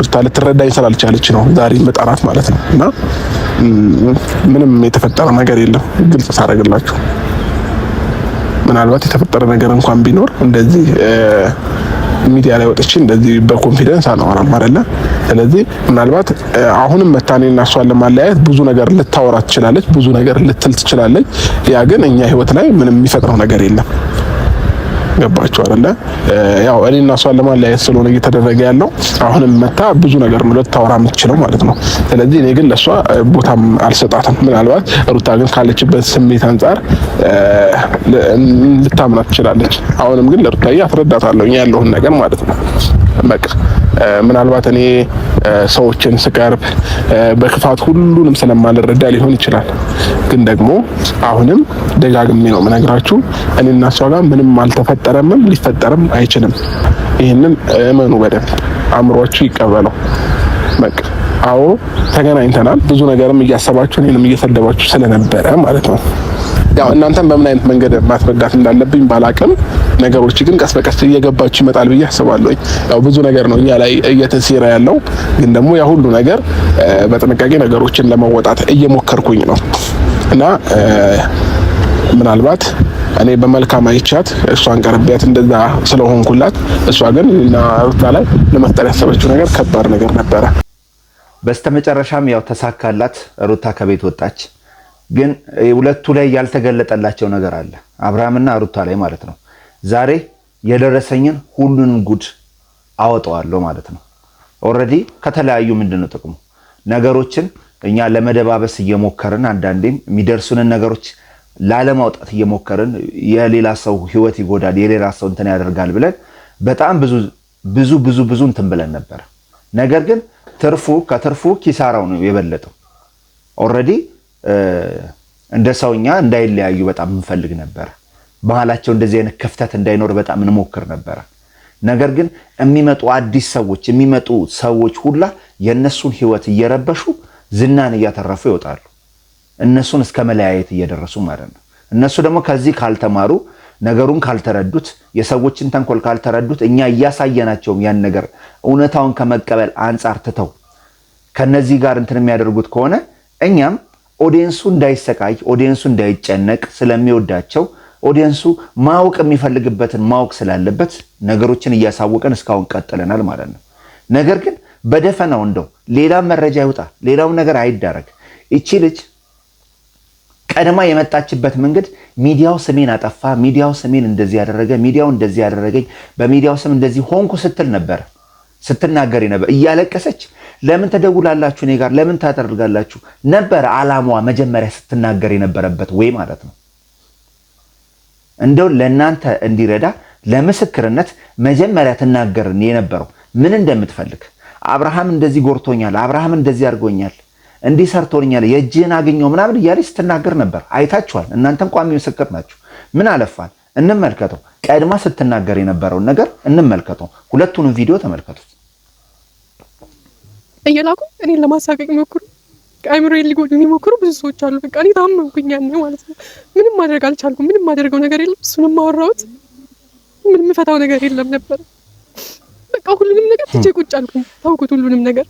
ሩታ ልትረዳኝ ስላልቻለች ነው ዛሬ መጣናት ማለት ነው። እና ምንም የተፈጠረ ነገር የለም ግልጽ ሳደርግላችሁ። ምናልባት የተፈጠረ ነገር እንኳን ቢኖር እንደዚህ ሚዲያ ላይ ወጥቼ እንደዚህ በኮንፊደንስ አላወራም አይደለ? ስለዚህ ምናልባት አሁንም መታኔ እና እሷን ለማለያየት ብዙ ነገር ልታወራ ትችላለች፣ ብዙ ነገር ልትል ትችላለች። ያ ግን እኛ ህይወት ላይ ምንም የሚፈጥረው ነገር የለም። ገባችሁ አይደለ? ያው እኔና እሷን ለማለያየት ስለሆነ እየተደረገ ያለው አሁንም መታ ብዙ ነገር ነው ልታወራ የምትችለው ማለት ነው። ስለዚህ እኔ ግን ለእሷ ቦታም አልሰጣትም። ምናልባት ሩታ ግን ካለችበት ስሜት አንጻር ልታምናት ትችላለች። አሁንም ግን ለሩታዬ አስረዳታለሁ ያለውን ነገር ማለት ነው በቃ ምናልባት እኔ ሰዎችን ስቀርብ በክፋት ሁሉንም ስለማልረዳ ሊሆን ይችላል። ግን ደግሞ አሁንም ደጋግሜ ነው የምነግራችሁ፣ እና እሷ ጋር ምንም አልተፈጠረምም ሊፈጠርም አይችልም። ይህንን እመኑ በደንብ አእምሯችሁ ይቀበለው። በቃ አዎ ተገናኝተናል። ብዙ ነገርም እያሰባችሁ እኔንም እየሰደባችሁ ስለነበረ ማለት ነው ያው እናንተም በምን አይነት መንገድ ማስረዳት እንዳለብኝ ባላቅም ነገሮች ግን ቀስ በቀስ እየገባችሁ ይመጣል ብዬ አስባለሁ። ያው ብዙ ነገር ነው እኛ ላይ እየተሴረ ያለው፣ ግን ደግሞ ያ ሁሉ ነገር በጥንቃቄ ነገሮችን ለመወጣት እየሞከርኩኝ ነው እና ምናልባት እኔ በመልካም አይቻት እሷን ቀርቢያት እንደዛ ስለሆንኩላት እሷ ግን ሩታ ላይ ለመፍጠር ያሰበችው ነገር ከባድ ነገር ነበረ። በስተመጨረሻም ያው ተሳካላት። ሩታ ከቤት ወጣች። ግን ሁለቱ ላይ ያልተገለጠላቸው ነገር አለ፣ አብርሃምና ሩታ ላይ ማለት ነው። ዛሬ የደረሰኝን ሁሉንም ጉድ አወጣዋለሁ ማለት ነው። ኦልሬዲ ከተለያዩ ምንድን ነው ጥቅሙ? ነገሮችን እኛ ለመደባበስ እየሞከርን አንዳንዴም የሚደርሱንን ነገሮች ላለማውጣት እየሞከርን የሌላ ሰው ህይወት ይጎዳል፣ የሌላ ሰው እንትን ያደርጋል ብለን በጣም ብዙ ብዙ ብዙ ብዙ እንትን ብለን ነበር። ነገር ግን ትርፉ ከትርፉ ኪሳራው ነው የበለጠው ኦልሬዲ እንደ ሰውኛ እንዳይለያዩ በጣም እንፈልግ ነበረ። ባህላቸው እንደዚህ አይነት ክፍተት እንዳይኖር በጣም እንሞክር ነበረ። ነገር ግን የሚመጡ አዲስ ሰዎች የሚመጡ ሰዎች ሁላ የእነሱን ህይወት እየረበሹ ዝናን እያተረፉ ይወጣሉ። እነሱን እስከ መለያየት እየደረሱ ማለት ነው። እነሱ ደግሞ ከዚህ ካልተማሩ፣ ነገሩን ካልተረዱት፣ የሰዎችን ተንኮል ካልተረዱት፣ እኛ እያሳየናቸውም ያን ነገር እውነታውን ከመቀበል አንጻር ትተው ከነዚህ ጋር እንትን የሚያደርጉት ከሆነ እኛም ኦዲየንሱ እንዳይሰቃይ፣ ኦዲየንሱ እንዳይጨነቅ ስለሚወዳቸው ኦዲየንሱ ማወቅ የሚፈልግበትን ማወቅ ስላለበት ነገሮችን እያሳወቀን እስካሁን ቀጥለናል ማለት ነው። ነገር ግን በደፈናው እንደው ሌላ መረጃ ይውጣ፣ ሌላው ነገር አይዳረግ። እቺ ልጅ ቀድማ የመጣችበት መንገድ ሚዲያው ስሜን አጠፋ፣ ሚዲያው ስሜን እንደዚህ ያደረገ፣ ሚዲያው እንደዚህ ያደረገኝ፣ በሚዲያው ስም እንደዚህ ሆንኩ ስትል ነበር ስትናገር ነበር እያለቀሰች ለምን ተደውላላችሁ እኔ ጋር ለምን ታደርጋላችሁ ነበረ አላማዋ መጀመሪያ ስትናገር የነበረበት ወይ ማለት ነው። እንደው ለእናንተ እንዲረዳ ለምስክርነት መጀመሪያ ትናገርን የነበረው ምን እንደምትፈልግ አብርሃም እንደዚህ ጎርቶኛል፣ አብርሃም እንደዚህ አድርጎኛል፣ እንዲህ ሰርቶልኛል የእጅህን አገኘው ምናምን እያለች ስትናገር ነበር። አይታችኋል። እናንተም ቋሚ ምስክር ናችሁ። ምን አለፋል እንመልከተው። ቀድማ ስትናገር የነበረውን ነገር እንመልከተው። ሁለቱንም ቪዲዮ ተመልከቱት። እየላኩ እኔን ለማሳቀቅ የሚሞክሩ አይምሮ ሊጎዱ የሚሞክሩ ብዙ ሰዎች አሉ። በቃ እኔ ታመምኩኝ ያኔ ማለት ነው። ምንም ማድረግ አልቻልኩም። ምንም ማደርገው ነገር የለም። እሱንም አወራሁት። ምንም የምፈታው ነገር የለም ነበር። በቃ ሁሉንም ነገር ትቼ ቁጭ አልኩኝ። ታውኩት ሁሉንም ነገር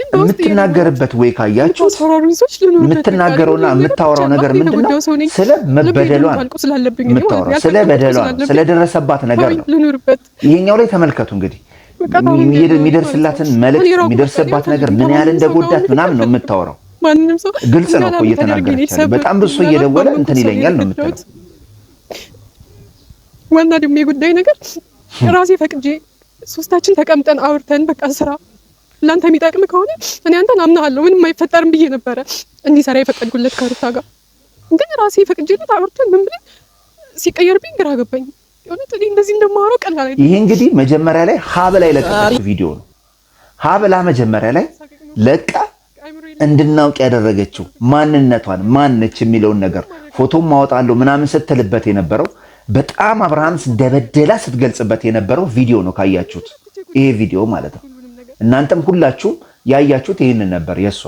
የምትናገርበት ወይ ካያችሁ የምትናገረውና የምታወራው ነገር ምንድን ስለ መበደሏን ስለ በደሏን ስለደረሰባት ነገር ነው። ይሄኛው ላይ ተመልከቱ እንግዲህ የሚደርስላትን መልዕክት የሚደርስባት ነገር ምን ያህል እንደጎዳት ምናምን ነው የምታወራው። ግልጽ ነው እኮ እየተናገረች በጣም ብሶ እየደወለ እንትን ይለኛል ነው የምትለው። ዋና ደግሞ የጉዳይ ነገር ራሴ ፈቅጄ ሶስታችን ተቀምጠን አውርተን በቃ ስራ ለአንተ የሚጠቅም ከሆነ እኔ አንተን አምናሃለሁ ምንም አይፈጠርም ብዬ ነበረ እንዲሰራ የፈቀድኩለት ከሩታ ጋር ግን ራሴ ፈቅጄለት አውርተን ምን ብለን ሲቀየርብኝ ግራ ገባኝ። እንደዚህ እንደማወራው ቀላል አይደለም። ይሄ እንግዲህ መጀመሪያ ላይ ሀብላ ላይ ቪዲዮ ነው። ሀብላ መጀመሪያ ላይ ለቃ እንድናውቅ ያደረገችው ማንነቷን ማነች የሚለውን ነገር ፎቶም ማወጣለሁ ምናምን ስትልበት የነበረው በጣም አብርሃም እንደበደላ ስትገልጽበት የነበረው ቪዲዮ ነው። ካያችሁት ይሄ ቪዲዮ ማለት ነው። እናንተም ሁላችሁም ያያችሁት ይህንን ነበር የእሷ።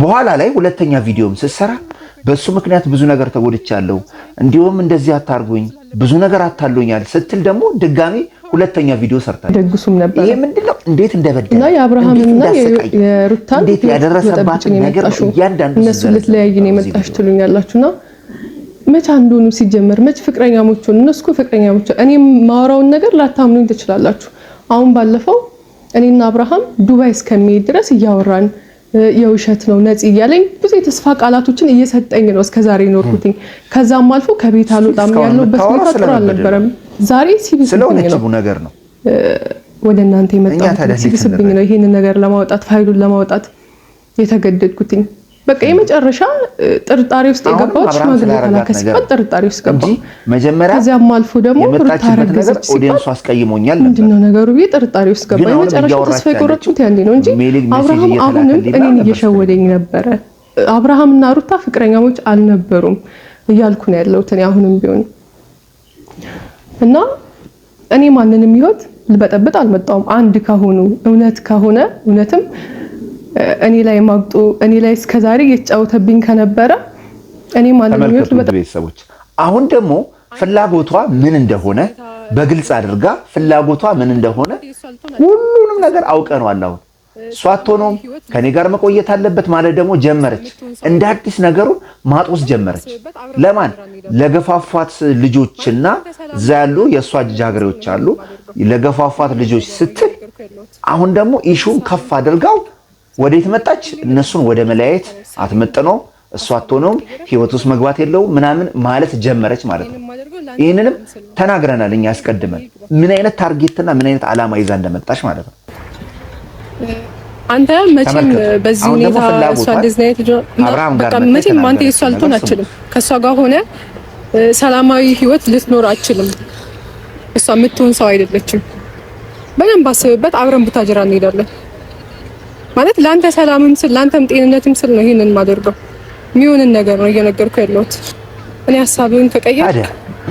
በኋላ ላይ ሁለተኛ ቪዲዮም ስትሰራ በእሱ ምክንያት ብዙ ነገር ተጎድቻለሁ፣ እንዲሁም እንደዚህ አታርጉኝ፣ ብዙ ነገር አታሉኛል ስትል ደግሞ ድጋሚ ሁለተኛ ቪዲዮ ሰርታለች። ደግሱም ነበር። ይሄ ምንድነው? እንዴት እንደበደለ የአብርሃምና የሩታን እንዴት ያደረሰባት ነገር እያንዳንዱ እነሱ ልትለያይ ነው የመጣሽ ትሉኛላችሁና መች አንዱኑ ሲጀመር መች ፍቅረኛሞች ፍቅረኛሞቹ እነሱ ፍቅረኛሞች እኔ ማወራውን ነገር ላታምኑኝ ትችላላችሁ። አሁን ባለፈው እኔና አብርሃም ዱባይ እስከሚሄድ ድረስ እያወራን የውሸት ነው ነፂ እያለኝ ብዙ የተስፋ ቃላቶችን እየሰጠኝ ነው እስከዛሬ ኖርኩትኝ። ከዛም አልፎ ከቤት አልወጣም ያለሁበት ሁኔታ ጥሩ አልነበረም። ዛሬ ሲብስብኝ ነው ወደ እናንተ የመጣሁት ሲብስብኝ ነው ይህንን ነገር ለማውጣት ፋይሉን ለማውጣት የተገደድኩትኝ። በቃ የመጨረሻ ጥርጣሬ ውስጥ የገባው ሽማግሌ ተላከ ሲባል ጥርጣሬ ውስጥ ገባ። መጀመሪያ ከዚያም አልፎ ደግሞ ታረገዘች ሲባል ምንድነው ነገሩ ብዬ ጥርጣሬ ውስጥ ገባ። የመጨረሻ ተስፋ የቆረጥኩት ያኔ ነው እንጂ አብርሃም አሁንም እኔን እየሸወደኝ ነበረ። አብርሃም እና ሩታ ፍቅረኛሞች አልነበሩም እያልኩ ነው ያለሁት እኔ አሁንም ቢሆን እና እኔ ማንንም ይወት ልበጠብጥ አልመጣውም። አንድ ከሆኑ እውነት ከሆነ እውነትም እኔ ላይ ማግጦ እኔ ላይ እስከዛሬ እየተጫወተብኝ ከነበረ እኔ ማለት ቤተሰቦች አሁን ደግሞ ፍላጎቷ ምን እንደሆነ በግልጽ አድርጋ ፍላጎቷ ምን እንደሆነ ሁሉንም ነገር አውቀነዋል። አሁን እሷ አትሆነውም ከኔ ጋር መቆየት አለበት ማለት ደግሞ ጀመረች። እንደ አዲስ ነገሩን ማጦስ ጀመረች። ለማን ለገፋፏት ልጆችና እዛ ያሉ የእሷ ጃግሬዎች አሉ። ለገፋፏት ልጆች ስትል አሁን ደግሞ ኢሹን ከፍ አድርጋው ወዴት መጣች? እነሱን ወደ መለያየት አትመጠነውም፣ እሱ አትሆነውም፣ ህይወት ውስጥ መግባት የለውም ምናምን ማለት ጀመረች ማለት ነው። ይህንንም ተናግረናል እኛ ያስቀድመን ምን አይነት ታርጌትና ምን አይነት ዓላማ ይዛ እንደመጣች ማለት ነው። አንተ መቼም በዚህ ሁኔታ እሷ እንደዚህ አይነት መቼም አንተ የእሷ ልትሆን አችልም። ከእሷ ጋር ሆነ ሰላማዊ ህይወት ልትኖር አችልም። እሷ የምትሆን ሰው አይደለችም። በደንብ አስብበት። አብረን ቡታጅራ እንሄዳለን። ማለት ላንተ ሰላምም ስል ላንተም ጤንነትም ስል ነው ይሄንን የማደርገው። የሚሆንን ነገር ነው እየነገርኩ ያለሁት። እኔ ሀሳብህን ከቀየር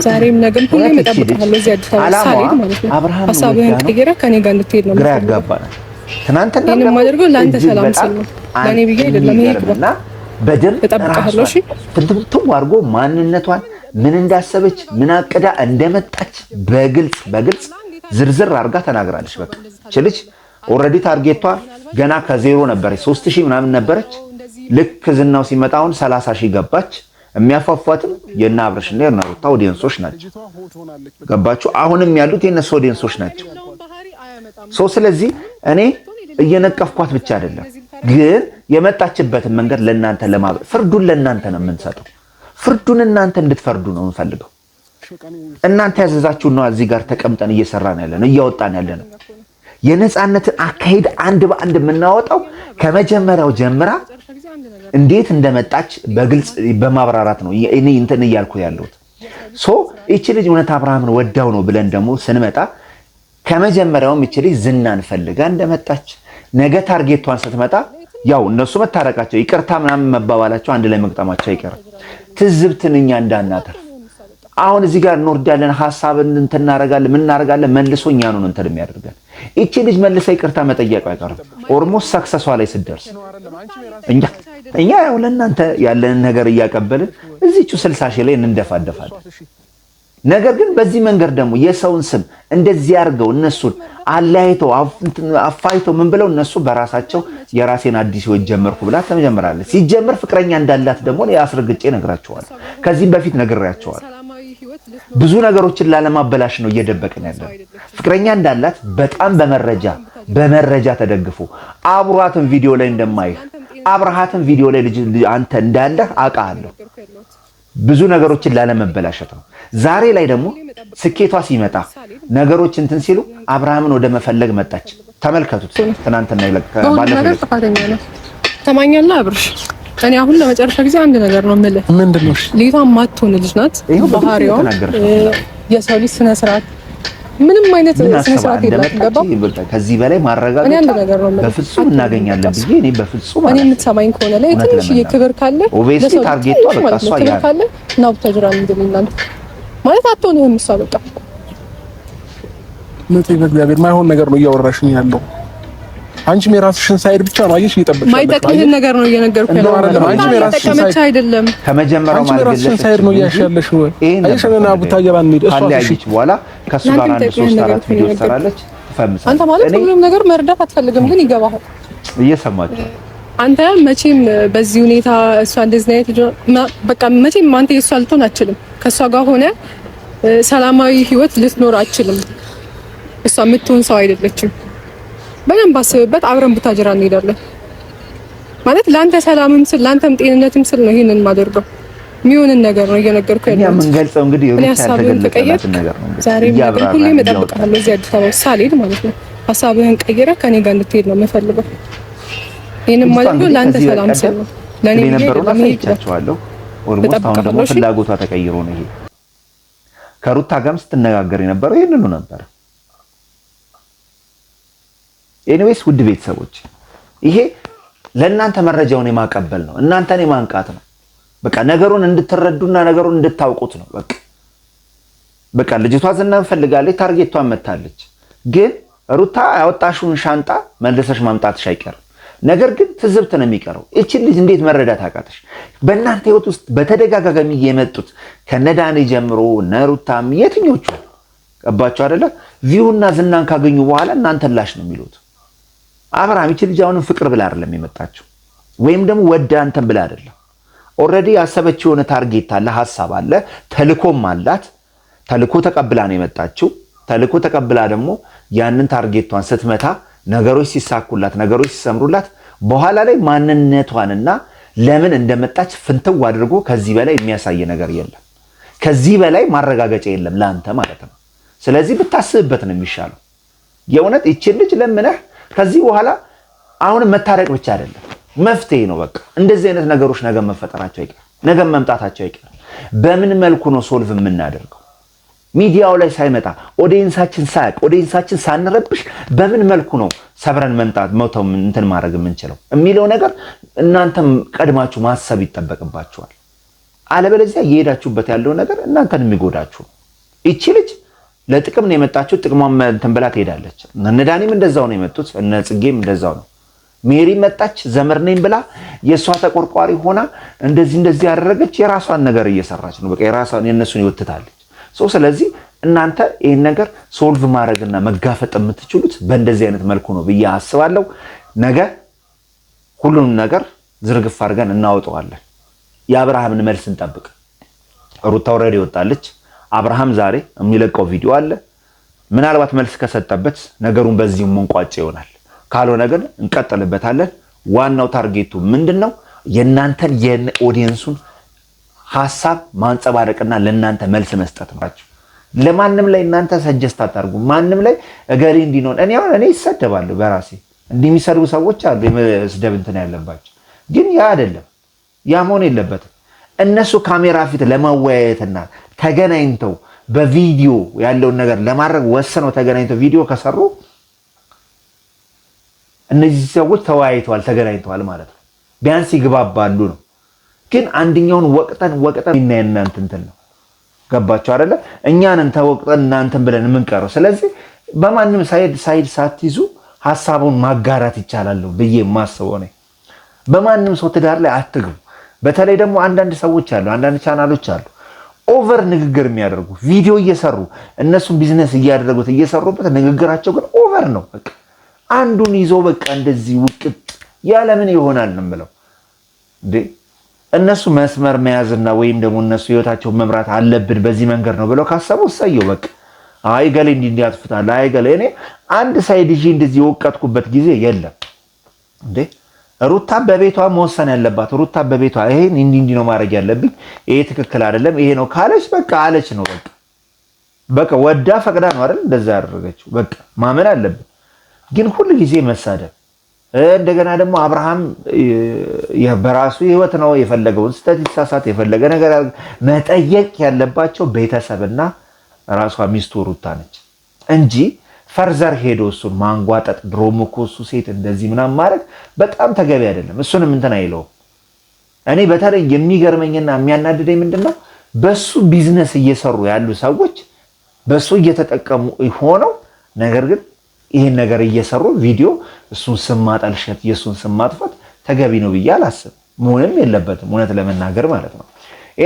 ዛሬም ነገም ሁሉ እጠብቅሃለሁ እዚህ አዲስ አበባ ሳልሄድ ማለት ነው። ሀሳብህን ቀይረህ ከኔ ጋር እንድትሄድ ነው ግራ ያጋባናል። ትናንትና ይሄንን የማደርገው ላንተ ሰላም ስል ነው፣ ለእኔ ብዬ አይደለም። ይሄ በድር በደንብ እጠብቅሃለሁ። እሺ ትንትም አድርጎ ማንነቷን ምን እንዳሰበች ምን አቅዳ እንደመጣች በግልጽ በግልጽ ዝርዝር አድርጋ ተናግራለች። በቃ ችልች ኦልሬዲ ታርጌቷ ገና ከዜሮ ነበረች፣ ሶስት ሺህ ምናምን ነበረች። ልክ ዝናው ሲመጣ አሁን ሰላሳ ሺህ ገባች። የሚያፏፏትም የእነ አብርሽና የእነ ሩታ ኦዲየንሶች ናቸው። ገባችሁ? አሁንም ያሉት የእነሱ ኦዲየንሶች ናቸው። ሶ ስለዚህ እኔ እየነቀፍኳት ብቻ አይደለም፣ ግን የመጣችበትን መንገድ ለእናንተ ለማብረ ፍርዱን ለእናንተ ነው የምንሰጠው። ፍርዱን እናንተ እንድትፈርዱ ነው የምንፈልገው። እናንተ ያዘዛችሁ ነው። እዚህ ጋር ተቀምጠን እየሰራን ያለ ነው፣ እያወጣን ያለ ነው። የነፃነትን አካሄድ አንድ በአንድ የምናወጣው ከመጀመሪያው ጀምራ እንዴት እንደመጣች በግልጽ በማብራራት ነው እኔ እንትን እያልኩ ያለሁት። ሶ ይቺ ልጅ እውነት አብርሃምን ወዳው ነው ብለን ደግሞ ስንመጣ ከመጀመሪያውም ይቺ ልጅ ዝናን ፈልጋ እንደመጣች ነገ ታርጌቷን ስትመጣ ያው እነሱ መታረቃቸው ይቅርታ ምናምን መባባላቸው አንድ ላይ መግጠማቸው አይቀርም። ትዝብትን እኛ እንዳናተር አሁን እዚህ ጋር እንወርዳለን፣ ሀሳብን እንትን እናደርጋለን፣ ምን እናደርጋለን። መልሶ እኛኑ ነው እንትን የሚያደርገን። እቺ ልጅ መልሳ ይቅርታ መጠየቅ አይቀርም። ኦልሞስት ሰክሰሷ ላይ ስትደርስ እኛ ያው ለእናንተ ያለንን ነገር እያቀበልን እዚቹ ስልሳ ሺህ ላይ እንደፋደፋለን። ነገር ግን በዚህ መንገድ ደግሞ የሰውን ስም እንደዚህ አድርገው እነሱን አለያይተው አፋይተው ምን ብለው እነሱ በራሳቸው የራሴን አዲስ ህይወት ጀመርኩ ብላ ተጀምራለች። ሲጀምር ፍቅረኛ እንዳላት ደግሞ አስረግጬ ነግራቸዋለሁ። ከዚህም በፊት ነግሬያቸዋለሁ። ብዙ ነገሮችን ላለማበላሽ ነው እየደበቅን ያለ። ፍቅረኛ እንዳላት በጣም በመረጃ በመረጃ ተደግፎ አብሯትን ቪዲዮ ላይ እንደማይህ አብርሃትን ቪዲዮ ላይ ልጅ አንተ እንዳለህ አውቃለሁ። ብዙ ነገሮችን ላለመበላሸት ነው። ዛሬ ላይ ደግሞ ስኬቷ ሲመጣ ነገሮች እንትን ሲሉ አብርሃምን ወደ መፈለግ መጣች። ተመልከቱት። ትናንትና ይለቅ ባለፈው አብርሽ እኔ አሁን ለመጨረሻ ጊዜ አንድ ነገር ነው የምልህ። ምንድን ነው? ሌባ የማትሆን ልጅ ናት። ባህሪዋ የሰው ልጅ ስነ ስርዓት ምንም አይነት ስነ ስርዓት የላትም። ከዚህ በላይ ማረጋገጥ እኔ አንድ ነገር ነው በፍጹም እናገኛለን ብዬ እኔ በፍጹም እኔ የምትሰማኝ ከሆነ ላይ ትንሽዬ ክብር ካለ ኦቤሲ ታርጌቱ በቃ እሷ ያ ካለ ነው ብታጅራ ምንድነው እናንተ ማለት አትሆንም። እሷ በቃ ነጥብ በእግዚአብሔር ማይሆን ነገር ነው እያወራሽኝ ያለው አንቺም የራስሽን ሳይድ ብቻ ነው አየሽ፣ እየጠበቅሽ ነገር ነው እየነገርኩህ ነው። ሳይድ አይደለም ከመጀመሪያው ማለት ሳይድ ነው ወይ ነው እሷ በኋላ አንድ ሶስት አራት ቪዲዮ አንተ ማለት ነገር መርዳት አትፈልግም፣ ግን ይገባሃል። እየሰማችሁ አንተ መቼም በዚህ ሁኔታ እሷ እንደዚህ አይነት ልጅ በቃ መቼም አንተ የእሷ ልትሆን አችልም። ከእሷ ጋር ሆነ ሰላማዊ ህይወት ልትኖር አችልም እሷ የምትሆን ሰው አይደለችም። በደንብ አስብበት። አብረን ቡታጅራ እንሄዳለን ማለት ለአንተ ሰላምም ስል ለአንተም ጤንነትም ስል ነው ይሄንን ማደርገው። የሚሆንን ነገር ነው እየነገርኩህ ያለው። እኛ የምንገልጸው እንግዲህ ሀሳብህን ተቀየር። ዛሬ ሁሌ እጠብቅሃለሁ እዚህ አዲስ አበባ ሳልሄድ ማለት ነው። ሀሳብህን ቀይረህ ከኔ ጋር እንድትሄድ ነው የምፈልገው። ይሄንን ማለት ነው ለአንተ ሰላም ስል ነው። ለኔ ነበርና ሳይቻቸዋለሁ። ኦልሞስት አሁን ደግሞ ፍላጎቷ ተቀይሮ ነው ይሄ ከሩታ ጋርም ስትነጋገር የነበረው ይሄንኑ ነበር። ኤኒዌይስ ውድ ቤተሰቦች ይሄ ለእናንተ መረጃውን የማቀበል ነው፣ እናንተን የማንቃት ነው። በቃ ነገሩን እንድትረዱና ነገሩን እንድታውቁት ነው። በቃ በቃ ልጅቷ ዝናን ፈልጋለች፣ ታርጌቷን መታለች። ግን ሩታ ያወጣሽውን ሻንጣ መልሰሽ ማምጣትሽ አይቀርም። ነገር ግን ትዝብት ነው የሚቀረው። እችን ልጅ እንዴት መረዳት አቃተሽ? በእናንተ ህይወት ውስጥ በተደጋጋሚ የመጡት ከነዳኔ ጀምሮ ነሩታም የትኞቹ ቀባቸው አደለ? ቪዩና ዝናን ካገኙ በኋላ እናንተላሽ ላሽ ነው የሚሉት አብርሃም ይቺ ልጅ አሁንም ፍቅር ብላ አይደለም የመጣችው፣ ወይም ደግሞ ወደ አንተን ብላ አይደለም። ኦልሬዲ ያሰበችው የሆነ ታርጌት አለ፣ ሀሳብ አለ፣ ተልኮም አላት። ተልኮ ተቀብላ ነው የመጣችው። ተልኮ ተቀብላ ደግሞ ያንን ታርጌቷን ስትመታ፣ ነገሮች ሲሳኩላት፣ ነገሮች ሲሰምሩላት፣ በኋላ ላይ ማንነቷንና ለምን እንደመጣች ፍንትው አድርጎ ከዚህ በላይ የሚያሳይ ነገር የለም፣ ከዚህ በላይ ማረጋገጫ የለም ለአንተ ማለት ነው። ስለዚህ ብታስብበት ነው የሚሻለው። የእውነት ይችን ልጅ ለምነህ ከዚህ በኋላ አሁንም መታረቅ ብቻ አይደለም መፍትሄ ነው። በቃ እንደዚህ አይነት ነገሮች ነገ መፈጠራቸው አይቀርም፣ ነገ መምጣታቸው አይቀርም። በምን መልኩ ነው ሶልቭ የምናደርገው? ሚዲያው ላይ ሳይመጣ ኦዲየንሳችን ሳያቅ ኦዲየንሳችን ሳንረብሽ በምን መልኩ ነው ሰብረን መምጣት መውተው እንትን ማድረግ የምንችለው የሚለው ነገር እናንተም ቀድማችሁ ማሰብ ይጠበቅባችኋል። አለበለዚያ እየሄዳችሁበት ያለው ነገር እናንተን የሚጎዳችሁ ነው። ይቺ ልጅ ለጥቅም ነው የመጣችው። ጥቅሟን ተንበላ ትሄዳለች። እነ ዳኒም እንደዛው ነው የመጡት። እነ ጽጌም እንደዛው ነው። ሜሪ መጣች ዘመርኔም ነኝ ብላ የእሷ ተቆርቋሪ ሆና እንደዚህ እንደዚህ ያደረገች የራሷን ነገር እየሰራች ነው። በቃ የራሷን የእነሱን ይወትታለች። ስለዚህ እናንተ ይህን ነገር ሶልቭ ማድረግና መጋፈጥ የምትችሉት በእንደዚህ አይነት መልኩ ነው ብዬ አስባለሁ። ነገ ሁሉንም ነገር ዝርግፍ አድርገን እናወጠዋለን። የአብርሃምን መልስ እንጠብቅ። ሩታ ወረድ ይወጣለች። አብርሃም ዛሬ የሚለቀው ቪዲዮ አለ። ምናልባት መልስ ከሰጠበት ነገሩን በዚህ መንቋጭ ይሆናል። ካልሆነ ግን እንቀጥልበታለን። ዋናው ታርጌቱ ምንድን ነው? የእናንተን የኦዲየንሱን ሀሳብ ማንጸባረቅና ለእናንተ መልስ መስጠት ናቸው። ለማንም ላይ እናንተ ሰጀስት አታርጉ። ማንም ላይ እገሌ እንዲኖር እኔ አሁን እኔ ይሰደባለሁ በራሴ እንዲህ የሚሰድቡ ሰዎች አሉ፣ የመስደብ እንትን ያለባቸው ግን ያ አይደለም፣ ያ መሆን የለበትም። እነሱ ካሜራ ፊት ለመወያየትና ተገናኝተው በቪዲዮ ያለውን ነገር ለማድረግ ወሰነው ተገናኝተው ቪዲዮ ከሰሩ እነዚህ ሰዎች ተወያይተዋል፣ ተገናኝተዋል ማለት ነው። ቢያንስ ይግባባሉ ነው። ግን አንደኛውን ወቅጠን ወቅጠን እና እናንተ እንትን ነው ገባቸው አይደለ? እኛንን ተወቅጠን እናንተን ብለን የምንቀረው። ስለዚህ በማንም ሳይድ ሳይድ ሳትይዙ ሀሳቡን ማጋራት ይቻላለሁ ብዬ የማስበው ነኝ። በማንም ሰው ትዳር ላይ አትግቡ። በተለይ ደግሞ አንዳንድ ሰዎች አሉ፣ አንዳንድ ቻናሎች አሉ ኦቨር ንግግር የሚያደርጉ ቪዲዮ እየሰሩ እነሱም ቢዝነስ እያደረጉት እየሰሩበት፣ ንግግራቸው ግን ኦቨር ነው። በቃ አንዱን ይዞ በቃ እንደዚህ ውቅጥ ያለምን ይሆናል ነው የምለው። እነሱ መስመር መያዝና ወይም ደግሞ እነሱ ህይወታቸውን መምራት አለብን በዚህ መንገድ ነው ብለው ካሰቡ እሰየው። በቃ አይ ገሌ እንዲህ እንዲህ አይ ገሌ እኔ አንድ ሳይድ ይዤ እንደዚህ የወቀጥኩበት ጊዜ የለም እንዴ ሩታ በቤቷ መወሰን ያለባት ሩታ በቤቷ ይሄን እንዲህ እንዲህ ነው ማድረግ ያለብኝ፣ ይሄ ትክክል አይደለም፣ ይሄ ነው ካለች በቃ አለች ነው በቃ በቃ ወዳ ፈቅዳ ነው አይደል እንደዛ ያደረገችው። በቃ ማመን አለብን። ግን ሁል ጊዜ መሳደብ እንደገና ደግሞ አብርሃም በራሱ ህይወት ነው የፈለገውን ስህተት ይሳሳት የፈለገ ነገር መጠየቅ ያለባቸው ቤተሰብና ራሷ ሚስቱ ሩታ ነች እንጂ ፈርዘር ሄዶ እሱን ማንጓጠጥ ድሮም እኮ እሱ ሴት እንደዚህ ምናምን ማለት በጣም ተገቢ አይደለም። እሱንም እንትን አይለውም። እኔ በተለይ የሚገርመኝና የሚያናድደኝ ምንድን ነው በሱ ቢዝነስ እየሰሩ ያሉ ሰዎች በሱ እየተጠቀሙ ሆነው ነገር ግን ይህን ነገር እየሰሩ ቪዲዮ እሱን ስም ማጠልሸት የእሱን ስም ማጥፋት ተገቢ ነው ብዬ አላስብም። መሆንም የለበትም እውነት ለመናገር ማለት ነው።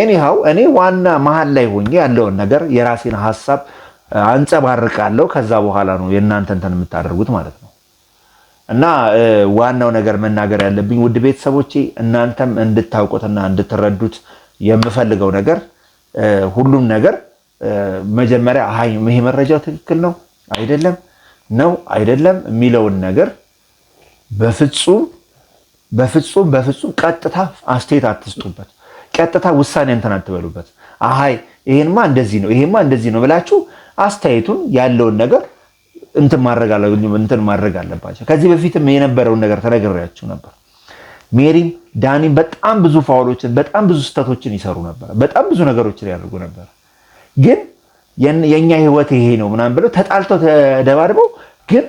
ኤኒሃው እኔ ዋና መሀል ላይ ሆኜ ያለውን ነገር የራሴን ሀሳብ አንጸባርቃለሁ። ከዛ በኋላ ነው የእናንተ እንትን የምታደርጉት ማለት ነው። እና ዋናው ነገር መናገር ያለብኝ ውድ ቤተሰቦቼ፣ እናንተም እንድታውቁትና እንድትረዱት የምፈልገው ነገር ሁሉም ነገር መጀመሪያ አይ ይሄ መረጃው ትክክል ነው አይደለም ነው አይደለም የሚለውን ነገር በፍጹም በፍጹም በፍጹም ቀጥታ አስተያየት አትስጡበት። ቀጥታ ውሳኔ እንትን አትበሉበት። አይ ይሄንማ እንደዚህ ነው፣ ይሄማ እንደዚህ ነው ብላችሁ አስተያየቱን ያለውን ነገር እንትን ማድረግ አለባቸው። ከዚህ በፊትም የነበረውን ነገር ተነግሬያችሁ ነበር። ሜሪም ዳኒም በጣም ብዙ ፋውሎችን፣ በጣም ብዙ ስህተቶችን ይሰሩ ነበር። በጣም ብዙ ነገሮችን ያደርጉ ነበር። ግን የእኛ ህይወት ይሄ ነው ምናምን ብለው ተጣልተው ተደባድበው ግን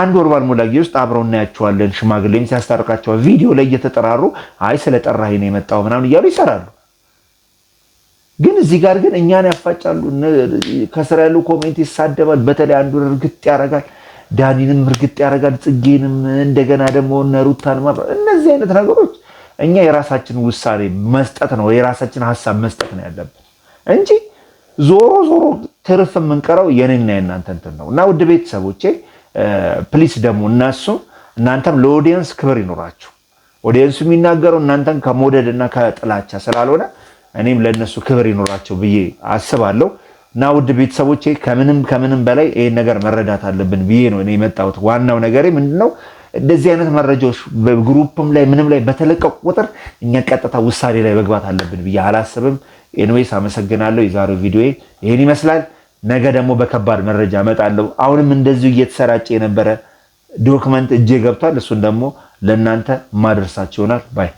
አንድ ወር ባልሞላ ጊዜ ውስጥ አብረው እናያቸዋለን። ሽማግሌም ሲያስታርቃቸዋል። ቪዲዮ ላይ እየተጠራሩ አይ ስለጠራኸኝ ነው የመጣው ምናምን እያሉ ይሰራሉ። ግን እዚህ ጋር ግን እኛን ያፋጫሉ። ከስራ ያሉ ኮሜንት ይሳደባል። በተለይ አንዱን እርግጥ ያደርጋል፣ ዳኒንም እርግጥ ያደርጋል፣ ጽጌንም እንደገና ደግሞ ነሩታን ማ እነዚህ አይነት ነገሮች እኛ የራሳችን ውሳኔ መስጠት ነው የራሳችን ሀሳብ መስጠት ነው ያለብን እንጂ ዞሮ ዞሮ ትርፍ የምንቀረው የኔና የእናንተ እንትን ነው እና ውድ ቤተሰቦቼ ፕሊስ ደግሞ እነሱም እናንተም ለኦዲየንስ ክብር ይኖራችሁ። ኦዲየንሱ የሚናገረው እናንተን ከመውደድ እና ከጥላቻ ስላልሆነ እኔም ለእነሱ ክብር ይኖራቸው ብዬ አስባለሁ። እና ውድ ቤተሰቦቼ ከምንም ከምንም በላይ ይህን ነገር መረዳት አለብን ብዬ ነው እኔ የመጣሁት። ዋናው ነገሬ ምንድነው እንደዚህ አይነት መረጃዎች በግሩፕም ላይ ምንም ላይ በተለቀቁ ቁጥር እኛ ቀጥታ ውሳኔ ላይ መግባት አለብን ብዬ አላስብም። ኤንዌይስ አመሰግናለሁ። የዛሬው ቪዲዮ ይህን ይመስላል። ነገ ደግሞ በከባድ መረጃ እመጣለሁ። አሁንም እንደዚሁ እየተሰራጨ የነበረ ዶክመንት እጄ ገብቷል። እሱን ደግሞ ለእናንተ ማድረሳቸው ይሆናል ባይ